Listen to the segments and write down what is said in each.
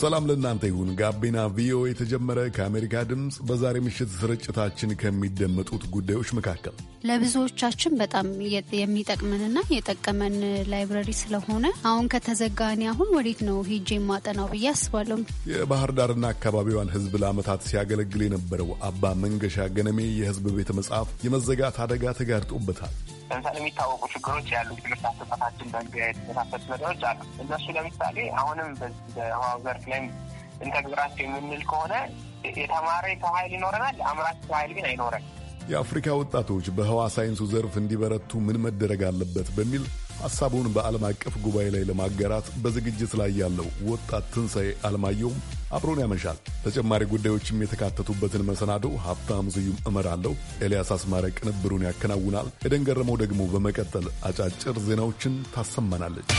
ሰላም ለእናንተ ይሁን። ጋቢና ቪኦኤ የተጀመረ ከአሜሪካ ድምፅ በዛሬ ምሽት ስርጭታችን ከሚደመጡት ጉዳዮች መካከል ለብዙዎቻችን በጣም የሚጠቅመንና የጠቀመን ላይብረሪ ስለሆነ አሁን ከተዘጋኔ አሁን ወዴት ነው ሄጄ ማጠናው ብዬ አስባለሁ። የባህር ዳርና አካባቢዋን ሕዝብ ለዓመታት ሲያገለግል የነበረው አባ መንገሻ ገነሜ የሕዝብ ቤተ መጽሐፍ የመዘጋት አደጋ ተጋርጦበታል። ለምሳሌ የሚታወቁ ችግሮች ያሉ ትምህርት አሰጣጣችን በንቢያ የተመሳሰሉ ነገሮች አሉ። እነሱ ለምሳሌ አሁንም በውሃው ዘርፍ ላይ እንተግብራቸው የምንል ከሆነ የተማረ ሰው ኃይል ይኖረናል፣ አምራች ሰው ኃይል ግን አይኖረን። የአፍሪካ ወጣቶች በህዋ ሳይንሱ ዘርፍ እንዲበረቱ ምን መደረግ አለበት በሚል ሐሳቡን በዓለም አቀፍ ጉባኤ ላይ ለማጋራት በዝግጅት ላይ ያለው ወጣት ትንሣኤ አለማየሁም አብሮን ያመሻል። ተጨማሪ ጉዳዮችም የተካተቱበትን መሰናዶ ሀብታም ስዩም እመራለሁ። ኤልያስ አስማረ ቅንብሩን ያከናውናል። ኤደን ገረመው ደግሞ በመቀጠል አጫጭር ዜናዎችን ታሰማናለች።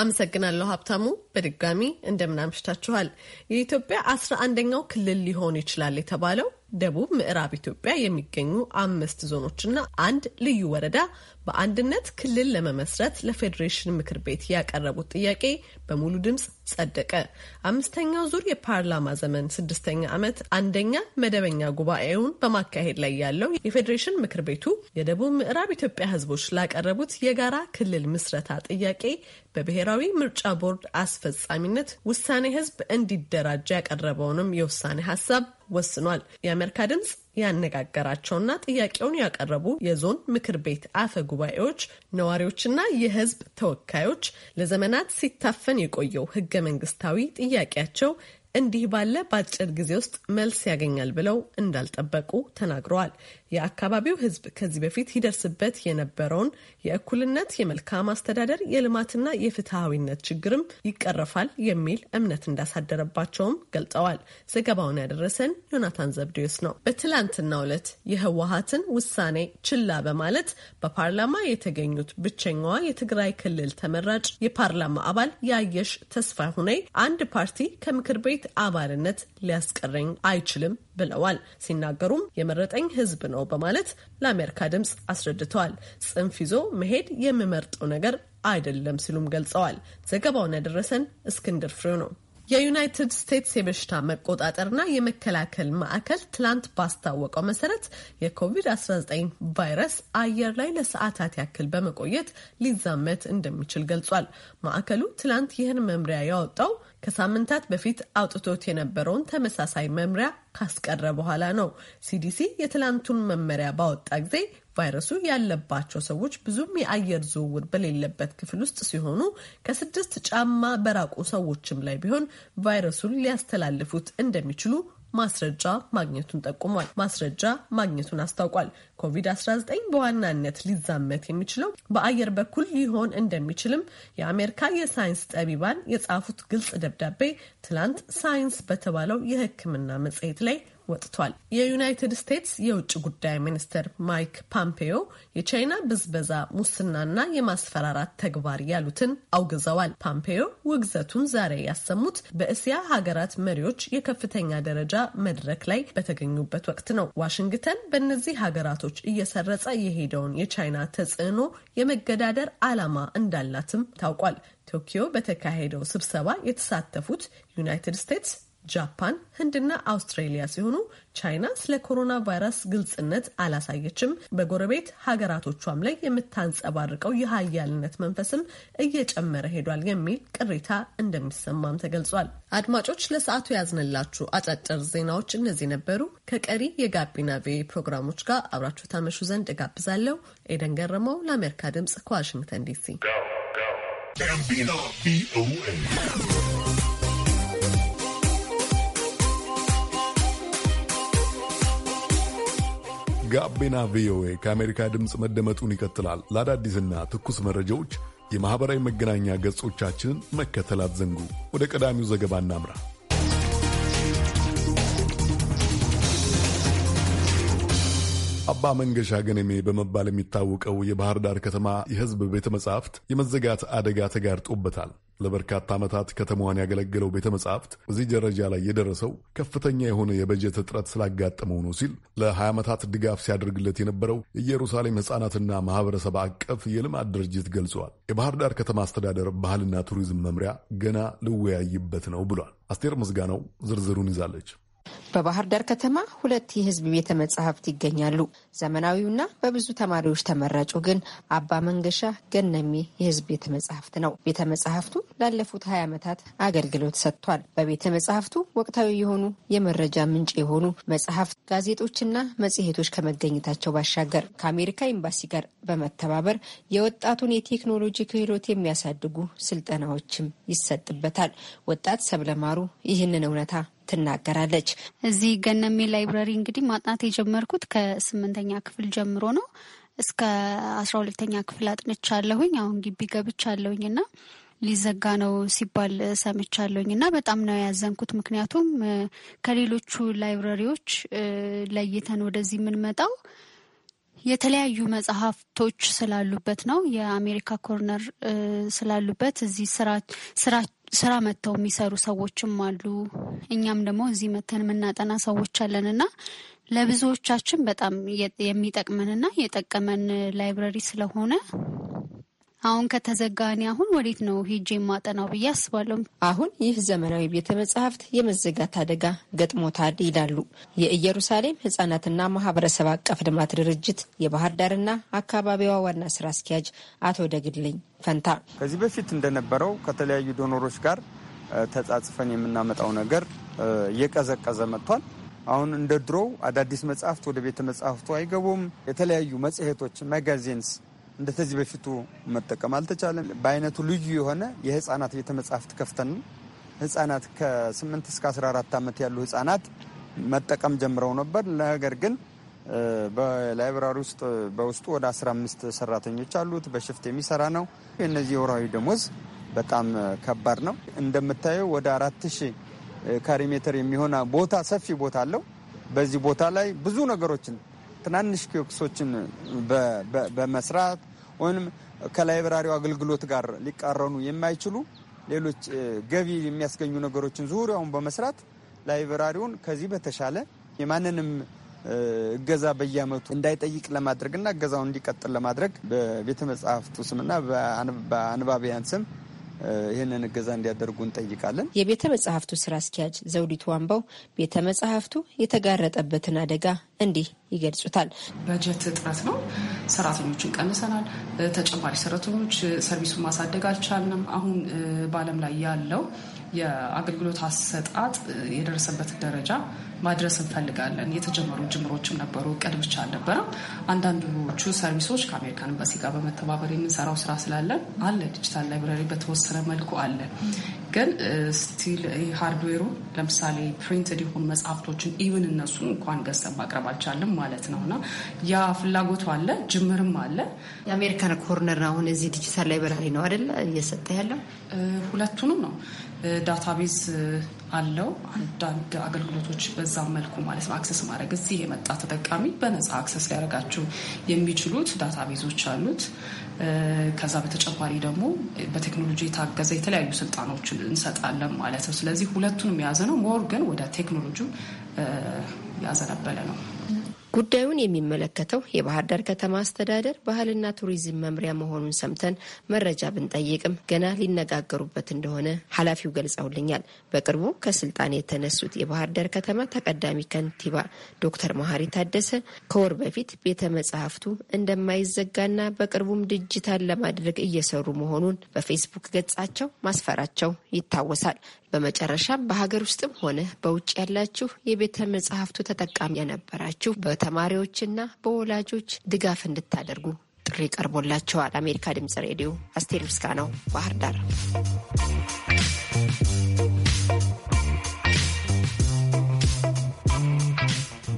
አመሰግናለሁ ሀብታሙ። በድጋሚ እንደምናምሽታችኋል። የኢትዮጵያ አስራ አንደኛው ክልል ሊሆን ይችላል የተባለው ደቡብ ምዕራብ ኢትዮጵያ የሚገኙ አምስት ዞኖችና አንድ ልዩ ወረዳ በአንድነት ክልል ለመመስረት ለፌዴሬሽን ምክር ቤት ያቀረቡት ጥያቄ በሙሉ ድምፅ ጸደቀ። አምስተኛው ዙር የፓርላማ ዘመን ስድስተኛ ዓመት አንደኛ መደበኛ ጉባኤውን በማካሄድ ላይ ያለው የፌዴሬሽን ምክር ቤቱ የደቡብ ምዕራብ ኢትዮጵያ ሕዝቦች ላቀረቡት የጋራ ክልል ምስረታ ጥያቄ በብሔራዊ ምርጫ ቦርድ አስፈጻሚነት ውሳኔ ሕዝብ እንዲደራጅ ያቀረበውንም የውሳኔ ሀሳብ ወስኗል። የአሜሪካ ድምጽ ያነጋገራቸውና ጥያቄውን ያቀረቡ የዞን ምክር ቤት አፈ ጉባኤዎች፣ ነዋሪዎችና የህዝብ ተወካዮች ለዘመናት ሲታፈን የቆየው ህገ መንግስታዊ ጥያቄያቸው እንዲህ ባለ በአጭር ጊዜ ውስጥ መልስ ያገኛል ብለው እንዳልጠበቁ ተናግረዋል። የአካባቢው ሕዝብ ከዚህ በፊት ይደርስበት የነበረውን የእኩልነት፣ የመልካም አስተዳደር፣ የልማትና የፍትሐዊነት ችግርም ይቀረፋል የሚል እምነት እንዳሳደረባቸውም ገልጸዋል። ዘገባውን ያደረሰን ዮናታን ዘብዴዎስ ነው። በትላንትናው ዕለት የህወሀትን ውሳኔ ችላ በማለት በፓርላማ የተገኙት ብቸኛዋ የትግራይ ክልል ተመራጭ የፓርላማ አባል የአየሽ ተስፋ ሁኔ አንድ ፓርቲ ከምክር ቤት ቤት አባልነት ሊያስቀረኝ አይችልም ብለዋል። ሲናገሩም የመረጠኝ ህዝብ ነው በማለት ለአሜሪካ ድምፅ አስረድተዋል። ጽንፍ ይዞ መሄድ የምመርጠው ነገር አይደለም ሲሉም ገልጸዋል። ዘገባውን ያደረሰን እስክንድር ፍሬው ነው። የዩናይትድ ስቴትስ የበሽታ መቆጣጠርና የመከላከል ማዕከል ትላንት ባስታወቀው መሰረት የኮቪድ-19 ቫይረስ አየር ላይ ለሰዓታት ያክል በመቆየት ሊዛመት እንደሚችል ገልጿል። ማዕከሉ ትላንት ይህን መምሪያ ያወጣው ከሳምንታት በፊት አውጥቶት የነበረውን ተመሳሳይ መምሪያ ካስቀረ በኋላ ነው። ሲዲሲ የትላንቱን መመሪያ ባወጣ ጊዜ ቫይረሱ ያለባቸው ሰዎች ብዙም የአየር ዝውውር በሌለበት ክፍል ውስጥ ሲሆኑ ከስድስት ጫማ በራቁ ሰዎችም ላይ ቢሆን ቫይረሱን ሊያስተላልፉት እንደሚችሉ ማስረጃ ማግኘቱን ጠቁሟል። ማስረጃ ማግኘቱን አስታውቋል። ኮቪድ-19 በዋናነት ሊዛመት የሚችለው በአየር በኩል ሊሆን እንደሚችልም የአሜሪካ የሳይንስ ጠቢባን የጻፉት ግልጽ ደብዳቤ ትላንት ሳይንስ በተባለው የሕክምና መጽሔት ላይ ወጥቷል። የዩናይትድ ስቴትስ የውጭ ጉዳይ ሚኒስትር ማይክ ፖምፔዮ የቻይና ብዝበዛ፣ ሙስናና የማስፈራራት ተግባር ያሉትን አውግዘዋል። ፓምፔዮ ውግዘቱን ዛሬ ያሰሙት በእስያ ሀገራት መሪዎች የከፍተኛ ደረጃ መድረክ ላይ በተገኙበት ወቅት ነው። ዋሽንግተን በእነዚህ ሀገራቶች እየሰረጸ የሄደውን የቻይና ተጽዕኖ የመገዳደር ዓላማ እንዳላትም ታውቋል። ቶኪዮ በተካሄደው ስብሰባ የተሳተፉት ዩናይትድ ስቴትስ ጃፓን፣ ህንድና አውስትሬሊያ ሲሆኑ ቻይና ስለ ኮሮና ቫይረስ ግልጽነት አላሳየችም። በጎረቤት ሀገራቶቿም ላይ የምታንጸባርቀው የሀያልነት መንፈስም እየጨመረ ሄዷል የሚል ቅሬታ እንደሚሰማም ተገልጿል። አድማጮች፣ ለሰዓቱ ያዝንላችሁ አጫጭር ዜናዎች እነዚህ ነበሩ። ከቀሪ የጋቢና ቪ ፕሮግራሞች ጋር አብራችሁ ታመሹ ዘንድ እጋብዛለሁ። ኤደን ገረመው ለአሜሪካ ድምጽ ከዋሽንግተን ዲሲ ጋቢና ቪኦኤ ከአሜሪካ ድምፅ መደመጡን ይቀጥላል። ለአዳዲስና ትኩስ መረጃዎች የማኅበራዊ መገናኛ ገጾቻችንን መከተል አትዘንጉ። ወደ ቀዳሚው ዘገባ እናምራ። አባ መንገሻ ገነሜ በመባል የሚታወቀው የባህር ዳር ከተማ የሕዝብ ቤተ መጻሕፍት የመዘጋት አደጋ ተጋርጦበታል። ለበርካታ ዓመታት ከተማዋን ያገለገለው ቤተ መጻሕፍት እዚህ ደረጃ ላይ የደረሰው ከፍተኛ የሆነ የበጀት እጥረት ስላጋጠመው ነው ሲል ለ20 ዓመታት ድጋፍ ሲያደርግለት የነበረው የኢየሩሳሌም ሕፃናትና ማኅበረሰብ አቀፍ የልማት ድርጅት ገልጿል። የባህር ዳር ከተማ አስተዳደር ባህልና ቱሪዝም መምሪያ ገና ልወያይበት ነው ብሏል። አስቴር ምስጋናው ዝርዝሩን ይዛለች። በባህር ዳር ከተማ ሁለት የህዝብ ቤተ መጻሕፍት ይገኛሉ። ዘመናዊውና በብዙ ተማሪዎች ተመራጩ ግን አባ መንገሻ ገነሜ የህዝብ ቤተ መጻሕፍት ነው። ቤተ መጻሕፍቱ ላለፉት ሀያ ዓመታት አገልግሎት ሰጥቷል። በቤተ መጻሕፍቱ ወቅታዊ የሆኑ የመረጃ ምንጭ የሆኑ መጽሐፍት፣ ጋዜጦችና መጽሔቶች ከመገኘታቸው ባሻገር ከአሜሪካ ኤምባሲ ጋር በመተባበር የወጣቱን የቴክኖሎጂ ክህሎት የሚያሳድጉ ስልጠናዎችም ይሰጥበታል። ወጣት ሰብለማሩ ይህንን እውነታ ትናገራለች። እዚህ ገነሜ ላይብረሪ እንግዲህ ማጥናት የጀመርኩት ከስምንተኛ ክፍል ጀምሮ ነው። እስከ አስራ ሁለተኛ ክፍል አጥንቻለሁኝ። አሁን ግቢ ገብቻለሁኝ እና ሊዘጋ ነው ሲባል ሰምቻለሁኝ እና በጣም ነው ያዘንኩት። ምክንያቱም ከሌሎቹ ላይብረሪዎች ለይተን ወደዚህ የምንመጣው የተለያዩ መጽሐፍቶች ስላሉበት ነው። የአሜሪካ ኮርነር ስላሉበት እዚህ ስራ መጥተው የሚሰሩ ሰዎችም አሉ። እኛም ደግሞ እዚህ መተን የምናጠና ሰዎች አለን እና ለብዙዎቻችን በጣም የሚጠቅመንና የጠቀመን ላይብረሪ ስለሆነ አሁን ከተዘጋኔ አሁን ወዴት ነው ሄጄ የማጠናው ብዬ አስባለሁ። አሁን ይህ ዘመናዊ ቤተ መጽሐፍት የመዘጋት አደጋ ገጥሞታል ይላሉ የኢየሩሳሌም ህጻናትና ማህበረሰብ አቀፍ ልማት ድርጅት የባህር ዳርና አካባቢዋ ዋና ስራ አስኪያጅ አቶ ደግልኝ ፈንታ ከዚህ በፊት እንደነበረው ከተለያዩ ዶኖሮች ጋር ተጻጽፈን የምናመጣው ነገር እየቀዘቀዘ መጥቷል። አሁን እንደ ድሮው አዳዲስ መጽሐፍት ወደ ቤተ መጽሐፍቱ አይገቡም። የተለያዩ መጽሔቶች፣ መጋዚንስ እንደተዚህ በፊቱ መጠቀም አልተቻለም። በአይነቱ ልዩ የሆነ የህፃናት ቤተ መጽሐፍት ከፍተን ህጻናት ከ8 እስከ 14 ዓመት ያሉ ህጻናት መጠቀም ጀምረው ነበር። ነገር ግን በላይብራሪ ውስጥ በውስጡ ወደ 15 ሰራተኞች አሉት። በሽፍት የሚሰራ ነው። የእነዚህ የወራዊ ደሞዝ በጣም ከባድ ነው። እንደምታየው ወደ አራት ሺህ ካሬ ሜትር የሚሆን ቦታ ሰፊ ቦታ አለው። በዚህ ቦታ ላይ ብዙ ነገሮችን ትናንሽ ኪዮክሶችን በመስራት ወይም ከላይብራሪው አገልግሎት ጋር ሊቃረኑ የማይችሉ ሌሎች ገቢ የሚያስገኙ ነገሮችን ዙሪያውን በመስራት ላይብራሪውን ከዚህ በተሻለ የማንንም እገዛ በየአመቱ እንዳይጠይቅ እና እገዛውን እንዲቀጥል ለማድረግ በቤተ መጽሐፍቱ ስምና በአንባቢያን ስም ይህንን እገዛ እንዲያደርጉ እንጠይቃለን። የቤተ መጽሐፍቱ ስራ አስኪያጅ ዘውዲቱ ዋንባው ቤተ መጽሐፍቱ የተጋረጠበትን አደጋ እንዲህ ይገልጹታል። በጀት እጥረት ነው። ሰራተኞችን ቀንሰናል። ተጨማሪ ሰራተኞች ሰርቪሱን ማሳደግ አልቻልንም። አሁን በዓለም ላይ ያለው የአገልግሎት አሰጣጥ የደረሰበት ደረጃ ማድረስ እንፈልጋለን። የተጀመሩ ጅምሮችም ነበሩ፣ እቅድ ብቻ አልነበረም። አንዳንዶቹ ሰርቪሶች ከአሜሪካን ኤምባሲ ጋር በመተባበር የምንሰራው ስራ ስላለን አለ። ዲጂታል ላይብራሪ በተወሰነ መልኩ አለ። ግን ስቲል ሃርድዌሩ ለምሳሌ ፕሪንትድ የሆኑ መጽሐፍቶችን ኢቭን እነሱን እንኳን ገዝተን ማቅረብ አልቻለም ማለት ነው። እና ያ ፍላጎቱ አለ፣ ጅምርም አለ። የአሜሪካን ኮርነር አሁን እዚህ ዲጂታል ላይብራሪ ነው አደለ እየሰጠ ያለው ሁለቱንም ነው ዳታቤዝ አለው አንዳንድ አገልግሎቶች በዛም መልኩ ማለት ነው አክሰስ ማድረግ እዚህ የመጣ ተጠቃሚ በነፃ አክሰስ ሊያደርጋቸው የሚችሉት ዳታቤዞች አሉት። ከዛ በተጨማሪ ደግሞ በቴክኖሎጂ የታገዘ የተለያዩ ስልጣኖችን እንሰጣለን ማለት ነው። ስለዚህ ሁለቱንም የያዘ ነው። ሞር ግን ወደ ቴክኖሎጂው ያዘነበለ ነው። ጉዳዩን የሚመለከተው የባህር ዳር ከተማ አስተዳደር ባህልና ቱሪዝም መምሪያ መሆኑን ሰምተን መረጃ ብንጠይቅም ገና ሊነጋገሩበት እንደሆነ ኃላፊው ገልጸውልኛል። በቅርቡ ከስልጣን የተነሱት የባህር ዳር ከተማ ተቀዳሚ ከንቲባ ዶክተር መሀሪ ታደሰ ከወር በፊት ቤተ መጻሕፍቱ እንደማይዘጋና በቅርቡም ዲጂታል ለማድረግ እየሰሩ መሆኑን በፌስቡክ ገጻቸው ማስፈራቸው ይታወሳል። በመጨረሻም በሀገር ውስጥም ሆነ በውጭ ያላችሁ የቤተ መጽሐፍቱ ተጠቃሚ የነበራችሁ በተማሪዎችና በወላጆች ድጋፍ እንድታደርጉ ጥሪ ቀርቦላቸዋል። አሜሪካ ድምጽ ሬዲዮ አስቴር ምስጋናው ባህር ዳር።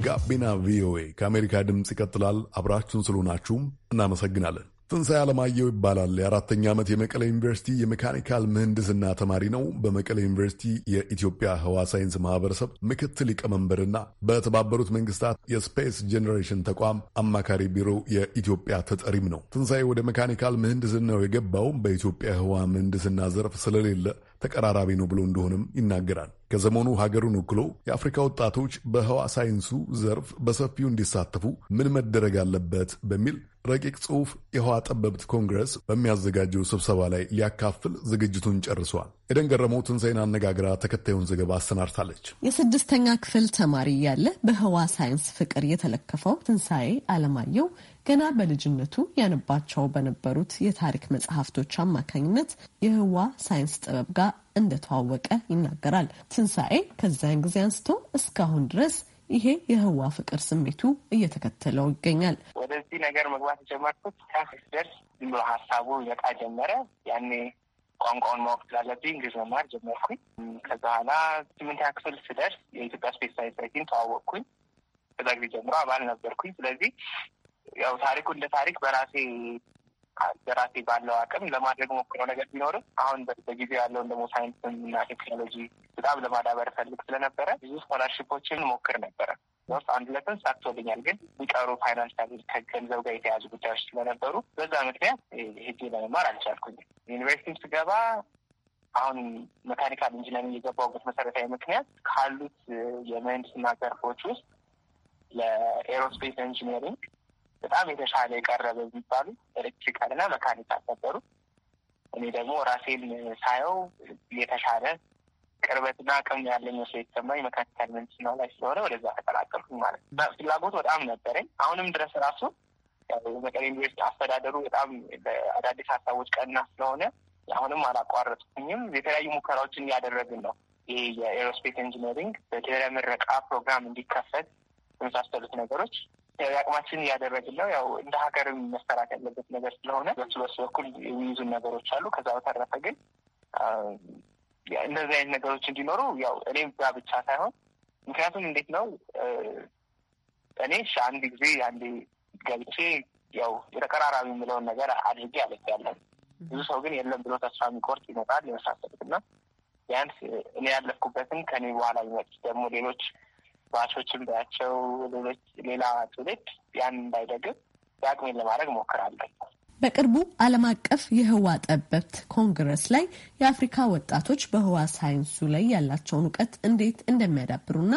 ጋቢና ቪኦኤ ከአሜሪካ ድምፅ ይቀጥላል። አብራችሁን ስለሆናችሁም እናመሰግናለን። ትንሣኤ አለማየሁ ይባላል። የአራተኛ ዓመት የመቀሌ ዩኒቨርሲቲ የሜካኒካል ምህንድስና ተማሪ ነው። በመቀሌ ዩኒቨርሲቲ የኢትዮጵያ ህዋ ሳይንስ ማህበረሰብ ምክትል ሊቀመንበርና በተባበሩት መንግስታት የስፔስ ጄኔሬሽን ተቋም አማካሪ ቢሮ የኢትዮጵያ ተጠሪም ነው። ትንሣኤ ወደ መካኒካል ምህንድስናው የገባውም በኢትዮጵያ ህዋ ምህንድስና ዘርፍ ስለሌለ ተቀራራቢ ነው ብሎ እንደሆነም ይናገራል። ከዘመኑ ሀገሩን ወክሎ የአፍሪካ ወጣቶች በህዋ ሳይንሱ ዘርፍ በሰፊው እንዲሳተፉ ምን መደረግ አለበት በሚል ረቂቅ ጽሑፍ የህዋ ጠበብት ኮንግረስ በሚያዘጋጀው ስብሰባ ላይ ሊያካፍል ዝግጅቱን ጨርሷል። ኤደን ገረመው ትንሣኤን አነጋግራ ተከታዩን ዘገባ አሰናድታለች። የስድስተኛ ክፍል ተማሪ እያለ በህዋ ሳይንስ ፍቅር የተለከፈው ትንሣኤ አለማየሁ ገና በልጅነቱ ያነባቸው በነበሩት የታሪክ መጽሐፍቶች አማካኝነት የህዋ ሳይንስ ጥበብ ጋር እንደተዋወቀ ይናገራል። ትንሣኤ ከዚያን ጊዜ አንስቶ እስካሁን ድረስ ይሄ የህዋ ፍቅር ስሜቱ እየተከተለው ይገኛል። ወደዚህ ነገር መግባት የጀመርኩት ደርስ ዝም ብሎ ሀሳቡ ይመጣ ጀመረ። ያኔ ቋንቋውን ማወቅ ስላለብኝ እንግሊዝ መማር ጀመርኩኝ። ከዛ በኋላ ስምንተኛ ክፍል ስደርስ የኢትዮጵያ ስፔስ ሳይንስ ሳይቲን ተዋወቅኩኝ። ከዛ ጊዜ ጀምሮ አባል ነበርኩኝ። ስለዚህ ያው ታሪኩ እንደ ታሪክ በራሴ በራሴ ባለው አቅም ለማድረግ ሞክረው ነገር ቢኖርም አሁን በጊዜ ያለውን ደግሞ ሳይንስን እና ቴክኖሎጂ በጣም ለማዳበር ፈልግ ስለነበረ ብዙ ስኮላርሽፖችን ሞክር ነበረ። ውስጥ አንድ ለትን ሳቶልኛል፣ ግን ሊቀሩ ፋይናንሻል ከገንዘብ ጋር የተያዙ ጉዳዮች ስለነበሩ በዛ ምክንያት ሄጄ ለመማር አልቻልኩኝም። ዩኒቨርሲቲም ስገባ አሁን መካኒካል ኢንጂነሪንግ የገባሁበት መሰረታዊ ምክንያት ካሉት የምህንድስና ዘርፎች ውስጥ ለኤሮስፔስ ኢንጂነሪንግ በጣም የተሻለ የቀረበ የሚባሉ ኤሌክትሪካል እና መካኒካል ነበሩ። እኔ ደግሞ ራሴን ሳየው የተሻለ ቅርበትና አቅም ያለኝ መስሎ የተሰማኝ መካኒካል ምህንድስና ላይ ስለሆነ ወደዛ ተቀላቀልኩ ማለት ነው። ፍላጎት በጣም ነበረኝ። አሁንም ድረስ ራሱ መቀሌ ዩኒቨርሲቲ አስተዳደሩ በጣም አዳዲስ ሀሳቦች ቀና ስለሆነ አሁንም አላቋረጥኩኝም። የተለያዩ ሙከራዎችን እያደረግን ነው። ይህ የኤሮስፔስ ኢንጂነሪንግ በድህረ ምረቃ ፕሮግራም እንዲከፈት የመሳሰሉት ነገሮች የአቅማችን እያደረግን ነው። ያው እንደ ሀገርም መሰራት ያለበት ነገር ስለሆነ በሱ በሱ በኩል የሚይዙን ነገሮች አሉ። ከዛ በተረፈ ግን እንደዚህ አይነት ነገሮች እንዲኖሩ ያው እኔ ብቻ ሳይሆን ምክንያቱም እንዴት ነው እኔ አንድ ጊዜ አንዴ ገብቼ ያው የተቀራራቢ የምለውን ነገር አድርጌ አለት ያለን ብዙ ሰው ግን የለም ብሎ ተስፋ የሚቆርጥ ይመጣል የመሳሰሉት እና ቢያንስ እኔ ያለፍኩበትን ከኔ በኋላ የሚመጡት ደግሞ ሌሎች ባሾችም ቢያቸው ሌሎች ሌላ ትውልድ ያን እንዳይደግም የአቅሜን ለማድረግ ሞክራለን። በቅርቡ ዓለም አቀፍ የህዋ ጠበብት ኮንግረስ ላይ የአፍሪካ ወጣቶች በህዋ ሳይንሱ ላይ ያላቸውን እውቀት እንዴት እንደሚያዳብሩና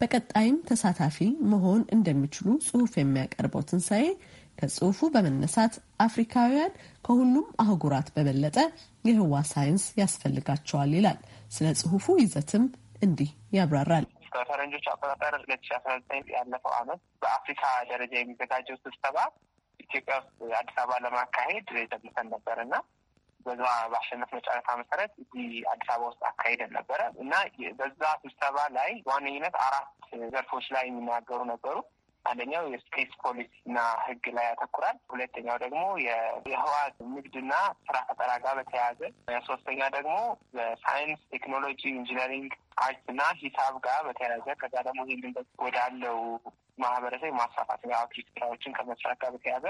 በቀጣይም ተሳታፊ መሆን እንደሚችሉ ጽሁፍ የሚያቀርበው ትንሣኤ ከጽሁፉ በመነሳት አፍሪካውያን ከሁሉም አህጉራት በበለጠ የህዋ ሳይንስ ያስፈልጋቸዋል ይላል። ስለ ጽሁፉ ይዘትም እንዲህ ያብራራል። በፈረንጆች አቆጣጠር ሁለት ሺ አስራ ዘጠኝ ያለፈው አመት በአፍሪካ ደረጃ የሚዘጋጀው ስብሰባ ኢትዮጵያ ውስጥ አዲስ አበባ ለማካሄድ ጠብቀን ነበር እና በዛ በአሸነፍ ጨረታ መሰረት እዚህ አዲስ አበባ ውስጥ አካሄደን ነበረ እና በዛ ስብሰባ ላይ በዋነኝነት አራት ዘርፎች ላይ የሚናገሩ ነበሩ። አንደኛው የስፔስ ፖሊሲ እና ሕግ ላይ ያተኩራል። ሁለተኛው ደግሞ የህዋ ንግድና ስራ ፈጠራ ጋር በተያያዘ፣ ሶስተኛ ደግሞ በሳይንስ ቴክኖሎጂ፣ ኢንጂነሪንግ፣ አርት እና ሂሳብ ጋር በተያያዘ ከዛ ደግሞ ይህንን ወዳለው ማህበረሰብ ማስፋፋት አውትሪች ስራዎችን ከመስራት ጋር በተያያዘ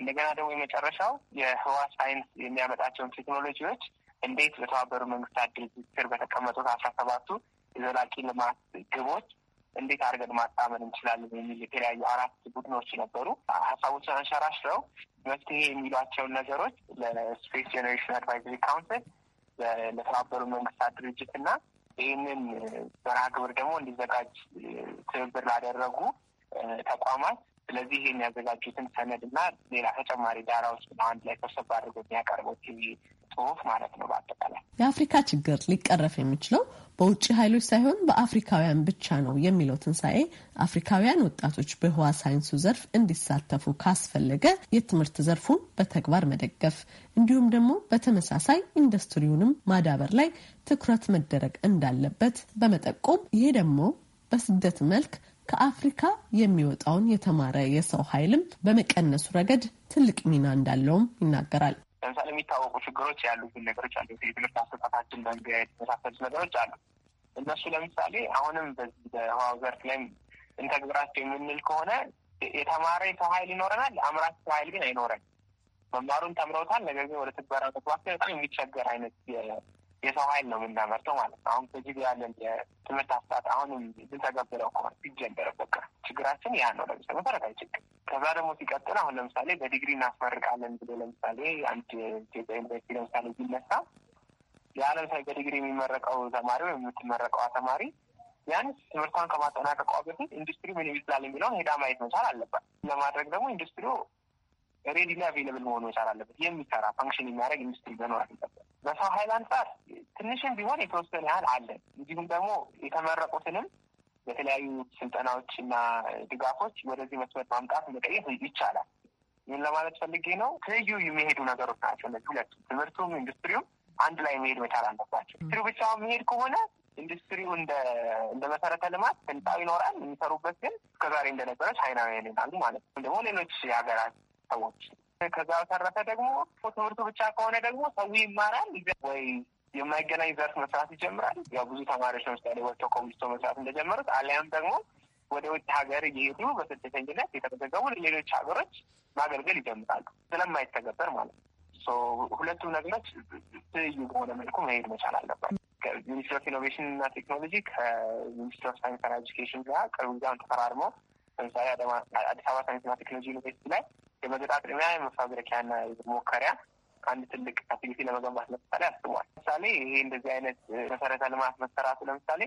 እንደገና ደግሞ የመጨረሻው የህዋ ሳይንስ የሚያመጣቸውን ቴክኖሎጂዎች እንዴት በተባበሩ መንግስታት ድርጅት ስር በተቀመጡት አስራ ሰባቱ የዘላቂ ልማት ግቦች እንዴት አድርገን ማጣመር እንችላለን የሚል የተለያዩ አራት ቡድኖች ነበሩ። ሀሳቦች አንሸራሽረው መፍትሄ የሚሏቸውን ነገሮች ለስፔስ ጀኔሬሽን አድቫይዘሪ ካውንስል፣ ለተባበሩ መንግስታት ድርጅት እና ይህንን መርሃ ግብር ደግሞ እንዲዘጋጅ ትብብር ላደረጉ ተቋማት ስለዚህ ይህን ያዘጋጁትን ሰነድ እና ሌላ ተጨማሪ ዳራዎች አንድ ላይ ሰብሰብ አድርጎ የሚያቀርበው ቲቪ ጽሁፍ ማለት ነው። በአጠቃላይ የአፍሪካ ችግር ሊቀረፍ የሚችለው በውጭ ኃይሎች ሳይሆን በአፍሪካውያን ብቻ ነው የሚለው ትንሣኤ አፍሪካውያን ወጣቶች በህዋ ሳይንሱ ዘርፍ እንዲሳተፉ ካስፈለገ የትምህርት ዘርፉን በተግባር መደገፍ እንዲሁም ደግሞ በተመሳሳይ ኢንዱስትሪውንም ማዳበር ላይ ትኩረት መደረግ እንዳለበት በመጠቆም ይሄ ደግሞ በስደት መልክ ከአፍሪካ የሚወጣውን የተማረ የሰው ኃይልም በመቀነሱ ረገድ ትልቅ ሚና እንዳለውም ይናገራል። ለምሳሌ የሚታወቁ ችግሮች ያሉብን ነገሮች አሉ። የትምህርት አሰጣታችን መንገድ መሳሰሉት ነገሮች አሉ። እነሱ ለምሳሌ አሁንም በዚህ በውሃው ዘርፍ ላይም እንተግብራቸው የምንል ከሆነ የተማረ ሰው ኃይል ይኖረናል። አምራች ሰው ኃይል ግን አይኖረን። መማሩን ተምረውታል፣ ነገር ግን ወደ ትግበራ መግባት በጣም የሚቸገር አይነት የሰው ኃይል ነው የምናመርተው ማለት ነው። አሁን በዚህ ያለን የትምህርት አስጣት አሁንም ልንተገብረው ከሆነ ቢጀመረ በቃ ችግራችን ያ ነው። ለምሳሌ መሰረታዊ ችግር። ከዛ ደግሞ ሲቀጥል አሁን ለምሳሌ በዲግሪ እናስመርቃለን ብሎ ለምሳሌ አንድ ኢትዮጵያ ዩኒቨርሲቲ ለምሳሌ ቢነሳ ያ ለምሳሌ በዲግሪ የሚመረቀው ተማሪ ወይም የምትመረቀዋ ተማሪ ያን ትምህርቷን ከማጠናቀቋ በፊት ኢንዱስትሪ ምን ይመስላል የሚለውን ሄዳ ማየት መቻል አለባት። ለማድረግ ደግሞ ኢንዱስትሪው ሬዲና አቬለብል መሆኑ መቻል አለበት። የሚሰራ ፋንክሽን የሚያደርግ ኢንዱስትሪ መኖር አለበት። በሰው ሀይል አንጻር ትንሽም ቢሆን የተወሰነ ያህል አለ። እንዲሁም ደግሞ የተመረቁትንም በተለያዩ ስልጠናዎች እና ድጋፎች ወደዚህ መስመር ማምጣት መቀየት ይቻላል። ይህን ለማለት ፈልጌ ነው። ትይዩ የሚሄዱ ነገሮች ናቸው እነዚህ ሁለቱ፣ ትምህርቱም ኢንዱስትሪውም አንድ ላይ መሄድ መቻል አለባቸው። ኢንዱስትሪ ብቻ መሄድ ከሆነ ኢንዱስትሪው እንደ እንደ መሰረተ ልማት ህንጻው ይኖራል። የሚሰሩበት ግን እስከዛሬ እንደነበረ ቻይናውያን ይሆናሉ ማለት ነው። ደግሞ ሌሎች የሀገራት ሰዎች። ከዛ በተረፈ ደግሞ ትምህርቱ ብቻ ከሆነ ደግሞ ሰው ይማራል ወይ የማይገናኝ ዘርፍ መስራት ይጀምራል። ያው ብዙ ተማሪዎች ለምሳሌ ወጥተው ኮሚስቶ መስራት እንደጀመሩት አሊያም ደግሞ ወደ ውጭ ሀገር እየሄዱ በስደተኝነት የተመዘገቡ ለሌሎች ሀገሮች ማገልገል ይጀምራሉ። ስለማይተገበር ማለት ነው። ሁለቱም ነገሮች ትይዩ በሆነ መልኩ መሄድ መቻል አለበት። ሚኒስትር ኦፍ ኢኖቬሽን እና ቴክኖሎጂ ከሚኒስትር ኦፍ ሳይንስና ኤጁኬሽን ጋር ቅርብ ጊዜ ተፈራርመው ለምሳሌ አዲስ አበባ ሳይንስና ቴክኖሎጂ ዩኒቨርሲቲ ላይ የመገጣጠሚያ የመፋብሪካና ሞከሪያ አንድ ትልቅ ፋሲሊቲ ለመገንባት ለምሳሌ አስቧል። ለምሳሌ ይሄ እንደዚህ አይነት መሰረተ ልማት መሰራቱ ለምሳሌ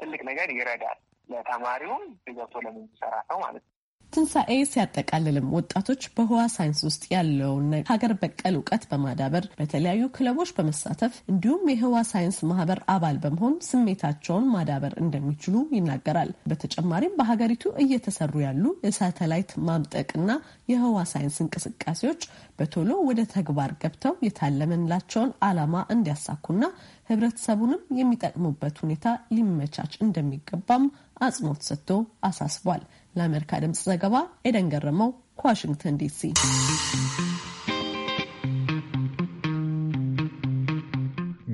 ትልቅ ነገር ይረዳል፣ ለተማሪውም ገብቶ ለምንሰራ ሰው ማለት ነው። ትንሣኤ ሲያጠቃልልም ወጣቶች በህዋ ሳይንስ ውስጥ ያለውን ሀገር በቀል እውቀት በማዳበር በተለያዩ ክለቦች በመሳተፍ እንዲሁም የህዋ ሳይንስ ማህበር አባል በመሆን ስሜታቸውን ማዳበር እንደሚችሉ ይናገራል። በተጨማሪም በሀገሪቱ እየተሰሩ ያሉ የሳተላይት ማምጠቅና የህዋ ሳይንስ እንቅስቃሴዎች በቶሎ ወደ ተግባር ገብተው የታለመንላቸውን ዓላማ እንዲያሳኩና ህብረተሰቡንም የሚጠቅሙበት ሁኔታ ሊመቻች እንደሚገባም አጽንኦት ሰጥቶ አሳስቧል። ለአሜሪካ ድምፅ ዘገባ ኤደን ገረመው ከዋሽንግተን ዲሲ።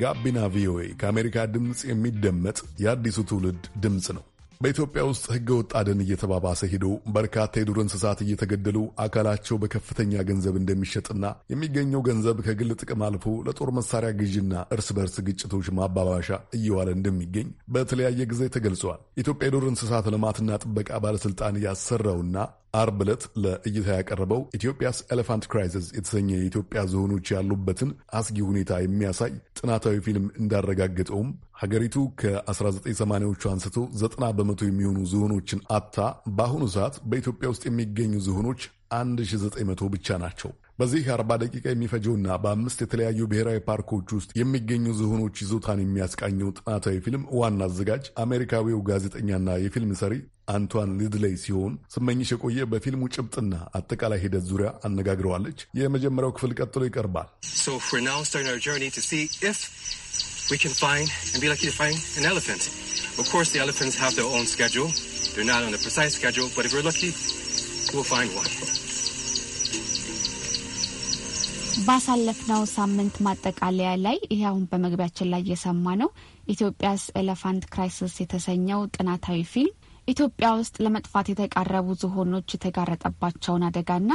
ጋቢና ቪኦኤ ከአሜሪካ ድምፅ የሚደመጥ የአዲሱ ትውልድ ድምፅ ነው። በኢትዮጵያ ውስጥ ወጥ አደን እየተባባሰ ሄዶ በርካታ የዱር እንስሳት እየተገደሉ አካላቸው በከፍተኛ ገንዘብ እንደሚሸጥና የሚገኘው ገንዘብ ከግል ጥቅም አልፎ ለጦር መሳሪያ ግዥና እርስ በርስ ግጭቶች ማባባሻ እየዋለ እንደሚገኝ በተለያየ ጊዜ ተገልጸዋል። ኢትዮጵያ የዱር እንስሳት ልማትና ጥበቃ ባለስልጣን ያሰራውና አርብ ዕለት ለእይታ ያቀረበው ኢትዮጵያስ ኤሌፋንት ክራይሲስ የተሰኘ የኢትዮጵያ ዝሆኖች ያሉበትን አስጊ ሁኔታ የሚያሳይ ጥናታዊ ፊልም እንዳረጋገጠውም ሀገሪቱ ከ1980ዎቹ አንስቶ ዘጠና በመቶ የሚሆኑ ዝሆኖችን አታ በአሁኑ ሰዓት በኢትዮጵያ ውስጥ የሚገኙ ዝሆኖች 1900 ብቻ ናቸው። በዚህ 40 ደቂቃ የሚፈጀውና በአምስት የተለያዩ ብሔራዊ ፓርኮች ውስጥ የሚገኙ ዝሆኖች ይዞታን የሚያስቃኘው ጥናታዊ ፊልም ዋና አዘጋጅ አሜሪካዊው ጋዜጠኛና የፊልም ሰሪ አንቷን ሊድሌይ ሲሆን ስመኝሽ የቆየ በፊልሙ ጭብጥና አጠቃላይ ሂደት ዙሪያ አነጋግረዋለች። የመጀመሪያው ክፍል ቀጥሎ ይቀርባል። we'll find one. ባሳለፍነው ሳምንት ማጠቃለያ ላይ ይህ አሁን በመግቢያችን ላይ እየሰማ ነው ኢትዮጵያስ ኤሌፋንት ክራይሲስ የተሰኘው ጥናታዊ ፊልም ኢትዮጵያ ውስጥ ለመጥፋት የተቃረቡ ዝሆኖች የተጋረጠባቸውን አደጋና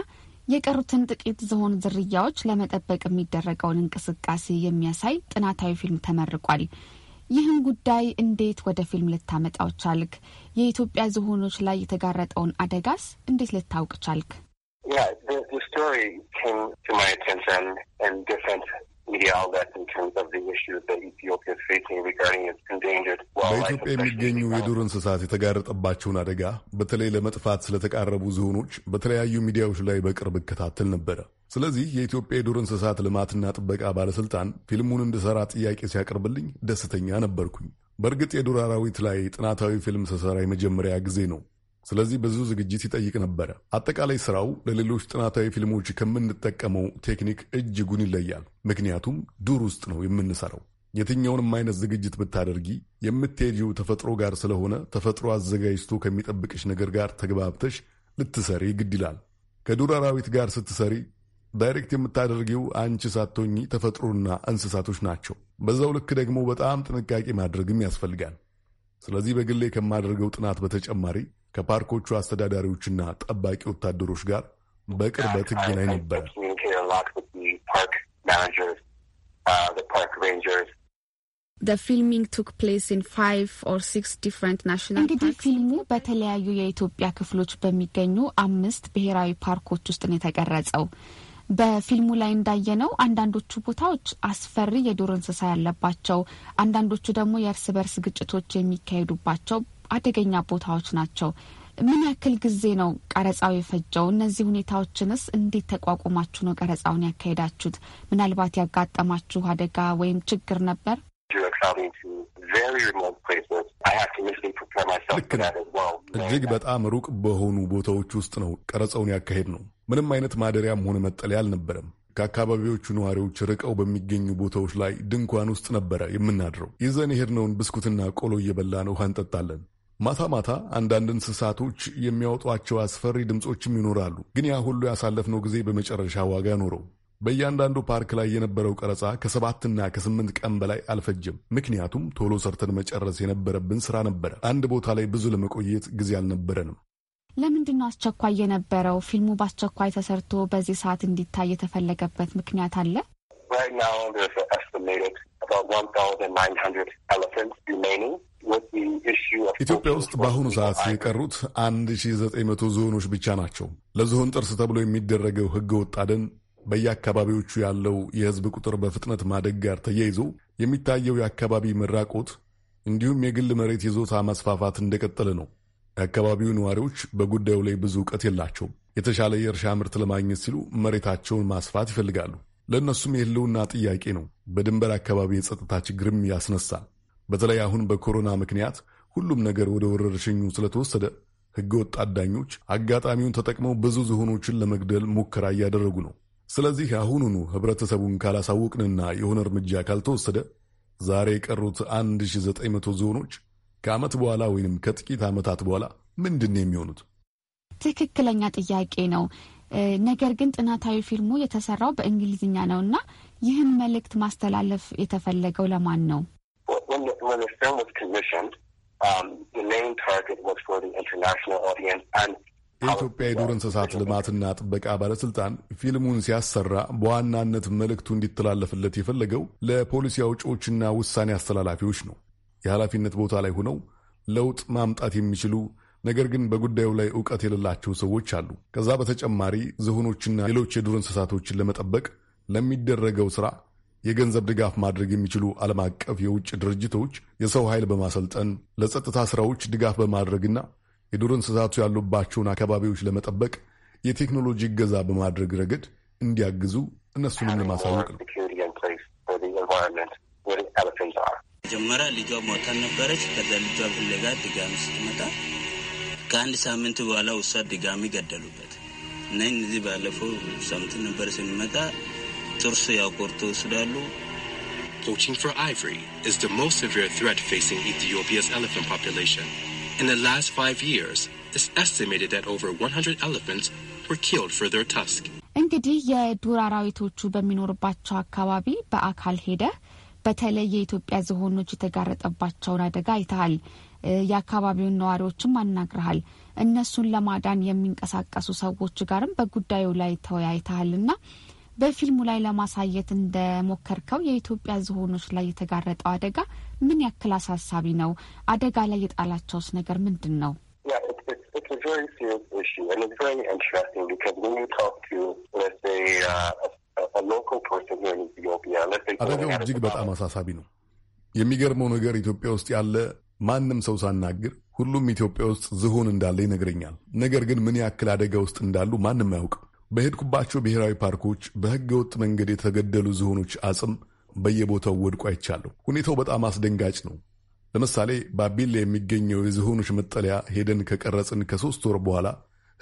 የቀሩትን ጥቂት ዝሆን ዝርያዎች ለመጠበቅ የሚደረገውን እንቅስቃሴ የሚያሳይ ጥናታዊ ፊልም ተመርቋል። ይህን ጉዳይ እንዴት ወደ ፊልም ልታመጣው ቻልክ? የኢትዮጵያ ዝሆኖች ላይ የተጋረጠውን አደጋስ እንዴት ልታውቅ ቻልክ? Yeah, the, the story came to my attention and different media outlets in terms of the issues that Ethiopia is facing regarding its endangered በኢትዮጵያ የሚገኙ የዱር እንስሳት የተጋረጠባቸውን አደጋ በተለይ ለመጥፋት ስለተቃረቡ ዝሆኖች በተለያዩ ሚዲያዎች ላይ በቅርብ እከታተል ነበረ። ስለዚህ የኢትዮጵያ የዱር እንስሳት ልማትና ጥበቃ ባለስልጣን ፊልሙን እንድሰራ ጥያቄ ሲያቀርብልኝ ደስተኛ ነበርኩኝ። በእርግጥ የዱር አራዊት ላይ ጥናታዊ ፊልም ስሰራ የመጀመሪያ ጊዜ ነው። ስለዚህ ብዙ ዝግጅት ይጠይቅ ነበረ። አጠቃላይ ስራው ለሌሎች ጥናታዊ ፊልሞች ከምንጠቀመው ቴክኒክ እጅጉን ይለያል። ምክንያቱም ዱር ውስጥ ነው የምንሰራው። የትኛውንም አይነት ዝግጅት ብታደርጊ የምትሄጂው ተፈጥሮ ጋር ስለሆነ ተፈጥሮ አዘጋጅቶ ከሚጠብቅሽ ነገር ጋር ተግባብተሽ ልትሰሪ ግድ ይላል። ከዱር አራዊት ጋር ስትሰሪ ዳይሬክት የምታደርጊው አንቺ ሳትሆኚ ተፈጥሮና እንስሳቶች ናቸው። በዛው ልክ ደግሞ በጣም ጥንቃቄ ማድረግም ያስፈልጋል። ስለዚህ በግሌ ከማደርገው ጥናት በተጨማሪ ከፓርኮቹ አስተዳዳሪዎችና ጠባቂ ወታደሮች ጋር በቅርበት እገናኝ ነበር። uh, እንግዲህ ፊልሙ በተለያዩ የኢትዮጵያ ክፍሎች በሚገኙ አምስት ብሔራዊ ፓርኮች ውስጥ ነው የተቀረጸው። በፊልሙ ላይ እንዳየነው አንዳንዶቹ ቦታዎች አስፈሪ የዱር እንስሳ ያለባቸው፣ አንዳንዶቹ ደግሞ የእርስ በርስ ግጭቶች የሚካሄዱባቸው አደገኛ ቦታዎች ናቸው። ምን ያክል ጊዜ ነው ቀረጻው የፈጀው? እነዚህ ሁኔታዎችንስ እንዴት ተቋቁማችሁ ነው ቀረጻውን ያካሄዳችሁት? ምናልባት ያጋጠማችሁ አደጋ ወይም ችግር ነበር? ልክ ነው። እጅግ በጣም ሩቅ በሆኑ ቦታዎች ውስጥ ነው ቀረጻውን ያካሄድ ነው። ምንም አይነት ማደሪያም ሆነ መጠለያ አልነበረም። ከአካባቢዎቹ ነዋሪዎች ርቀው በሚገኙ ቦታዎች ላይ ድንኳን ውስጥ ነበረ የምናድረው። ይዘን የሄድነውን ብስኩትና ቆሎ እየበላን ውሃ እንጠጣለን። ማታ ማታ አንዳንድ እንስሳቶች የሚያወጧቸው አስፈሪ ድምፆችም ይኖራሉ። ግን ያ ሁሉ ያሳለፍነው ጊዜ በመጨረሻ ዋጋ ኖረው። በእያንዳንዱ ፓርክ ላይ የነበረው ቀረጻ ከሰባትና ከስምንት ቀን በላይ አልፈጀም። ምክንያቱም ቶሎ ሰርተን መጨረስ የነበረብን ስራ ነበረ። አንድ ቦታ ላይ ብዙ ለመቆየት ጊዜ አልነበረንም። ለምንድን ነው አስቸኳይ የነበረው? ፊልሙ በአስቸኳይ ተሰርቶ በዚህ ሰዓት እንዲታይ የተፈለገበት ምክንያት አለ? ኢትዮጵያ ውስጥ በአሁኑ ሰዓት የቀሩት መቶ ዞኖች ብቻ ናቸው። ለዝሆን ጥርስ ተብሎ የሚደረገው ህገወጥ አደን በየአካባቢዎቹ ያለው የህዝብ ቁጥር በፍጥነት ማደግ ጋር ተያይዞ የሚታየው የአካባቢ መራቆት እንዲሁም የግል መሬት ይዞታ ማስፋፋት እንደቀጠለ ነው። የአካባቢው ነዋሪዎች በጉዳዩ ላይ ብዙ እውቀት የላቸውም። የተሻለ የእርሻ ምርት ለማግኘት ሲሉ መሬታቸውን ማስፋት ይፈልጋሉ። ለእነሱም የህልውና ጥያቄ ነው። በድንበር አካባቢ የጸጥታ ችግርም ያስነሳል። በተለይ አሁን በኮሮና ምክንያት ሁሉም ነገር ወደ ወረርሽኙ ስለተወሰደ ህገወጥ አዳኞች አጋጣሚውን ተጠቅመው ብዙ ዝሆኖችን ለመግደል ሙከራ እያደረጉ ነው። ስለዚህ አሁኑኑ ህብረተሰቡን ካላሳወቅንና የሆነ እርምጃ ካልተወሰደ ዛሬ የቀሩት 1900 ዝሆኖች ከዓመት በኋላ ወይንም ከጥቂት ዓመታት በኋላ ምንድን ነው የሚሆኑት? ትክክለኛ ጥያቄ ነው። ነገር ግን ጥናታዊ ፊልሙ የተሰራው በእንግሊዝኛ ነው እና ይህን መልእክት ማስተላለፍ የተፈለገው ለማን ነው? when the, when the film was commissioned, um, the main target was for the international audience and የኢትዮጵያ የዱር እንስሳት ልማትና ጥበቃ ባለስልጣን ፊልሙን ሲያሰራ በዋናነት መልእክቱ እንዲተላለፍለት የፈለገው ለፖሊሲ አውጪዎችና ውሳኔ አስተላላፊዎች ነው። የኃላፊነት ቦታ ላይ ሆነው ለውጥ ማምጣት የሚችሉ ነገር ግን በጉዳዩ ላይ እውቀት የሌላቸው ሰዎች አሉ። ከዛ በተጨማሪ ዝሆኖችና ሌሎች የዱር እንስሳቶችን ለመጠበቅ ለሚደረገው ስራ የገንዘብ ድጋፍ ማድረግ የሚችሉ ዓለም አቀፍ የውጭ ድርጅቶች የሰው ኃይል በማሰልጠን ለጸጥታ ሥራዎች ድጋፍ በማድረግና የዱር እንስሳቱ ያሉባቸውን አካባቢዎች ለመጠበቅ የቴክኖሎጂ እገዛ በማድረግ ረገድ እንዲያግዙ እነሱንም ለማሳወቅ ነው። መጀመሪያ ልጇ ሞታን ነበረች። ከዛ ልጇ ፍለጋ ድጋሚ ስትመጣ ከአንድ ሳምንት በኋላ ውሳ ድጋሚ ገደሉበት እና እዚህ ባለፈው ሳምንት ነበር ስንመጣ ጥርስ ያቆርጡ ይወስዳሉ። Poaching for ivory is the most severe threat facing Ethiopia's elephant population. In the last five years, it's estimated that over 100 elephants were killed for their tusk. እንግዲህ የዱር አራዊቶቹ በሚኖርባቸው አካባቢ በአካል ሄደ በተለይ የኢትዮጵያ ዝሆኖች የተጋረጠባቸውን አደጋ አይተሃል። የአካባቢውን ነዋሪዎችም አናግረሃል። እነሱን ለማዳን የሚንቀሳቀሱ ሰዎች ጋርም በጉዳዩ ላይ ተወያይተሃልና በፊልሙ ላይ ለማሳየት እንደሞከርከው የኢትዮጵያ ዝሆኖች ላይ የተጋረጠው አደጋ ምን ያክል አሳሳቢ ነው? አደጋ ላይ የጣላቸውስ ነገር ምንድን ነው? Uh, አደጋው እጅግ በጣም አሳሳቢ ነው። የሚገርመው ነገር ኢትዮጵያ ውስጥ ያለ ማንም ሰው ሳናግር ሁሉም ኢትዮጵያ ውስጥ ዝሆን እንዳለ ይነግረኛል። ነገር ግን ምን ያክል አደጋ ውስጥ እንዳሉ ማንም አያውቅም። በሄድኩባቸው ብሔራዊ ፓርኮች በሕገ ወጥ መንገድ የተገደሉ ዝሆኖች አጽም በየቦታው ወድቆ አይቻለሁ። ሁኔታው በጣም አስደንጋጭ ነው። ለምሳሌ ባቢላ የሚገኘው የዝሆኖች መጠለያ ሄደን ከቀረጽን ከሦስት ወር በኋላ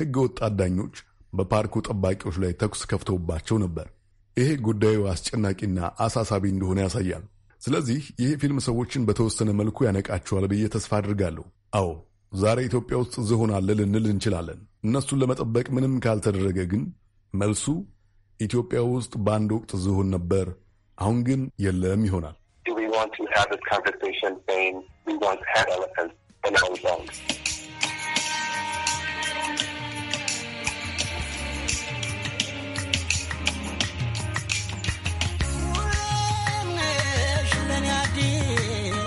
ሕገ ወጥ አዳኞች በፓርኩ ጠባቂዎች ላይ ተኩስ ከፍተውባቸው ነበር። ይሄ ጉዳዩ አስጨናቂና አሳሳቢ እንደሆነ ያሳያል። ስለዚህ ይሄ ፊልም ሰዎችን በተወሰነ መልኩ ያነቃቸዋል ብዬ ተስፋ አድርጋለሁ። አዎ ዛሬ ኢትዮጵያ ውስጥ ዝሆን ልንል እንችላለን። እነሱን ለመጠበቅ ምንም ካልተደረገ ግን መልሱ ኢትዮጵያ ውስጥ በአንድ ወቅት ዝሆን ነበር፣ አሁን ግን የለም ይሆናል። Yeah.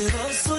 You're so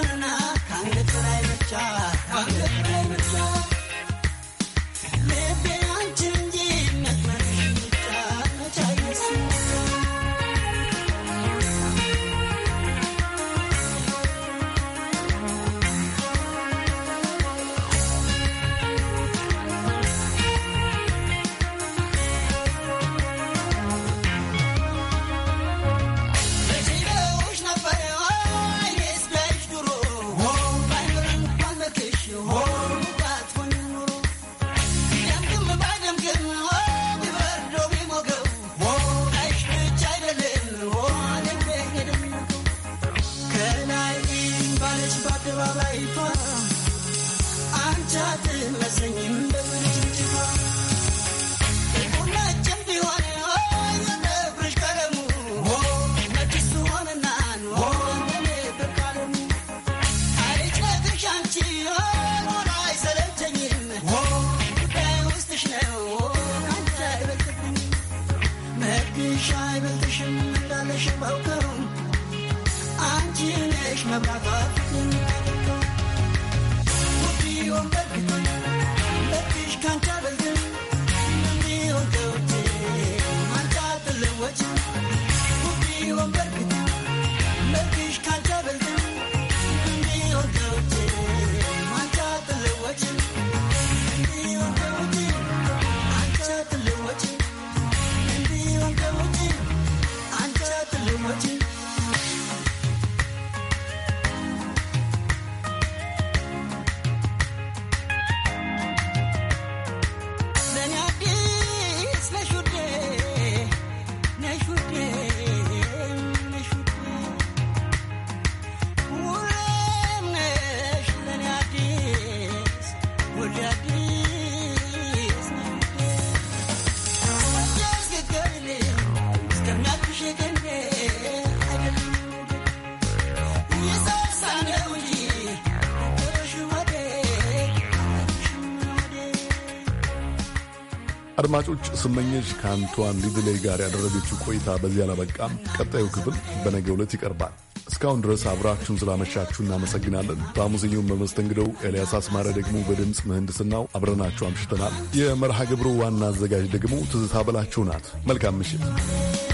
አድማጮች ስመኘች ከአንቷን ሊድሌይ ጋር ያደረገችው ቆይታ በዚህ አላበቃም። ቀጣዩ ክፍል በነገ ዕለት ይቀርባል። እስካሁን ድረስ አብራችሁን ስላመሻችሁ እናመሰግናለን። ሐሙስኛውን በመስተንግደው ኤልያስ አስማረ ደግሞ በድምፅ ምህንድስናው አብረናችሁ አምሽተናል። የመርሃ ግብሩ ዋና አዘጋጅ ደግሞ ትዝታ በላችሁ ናት። መልካም ምሽት።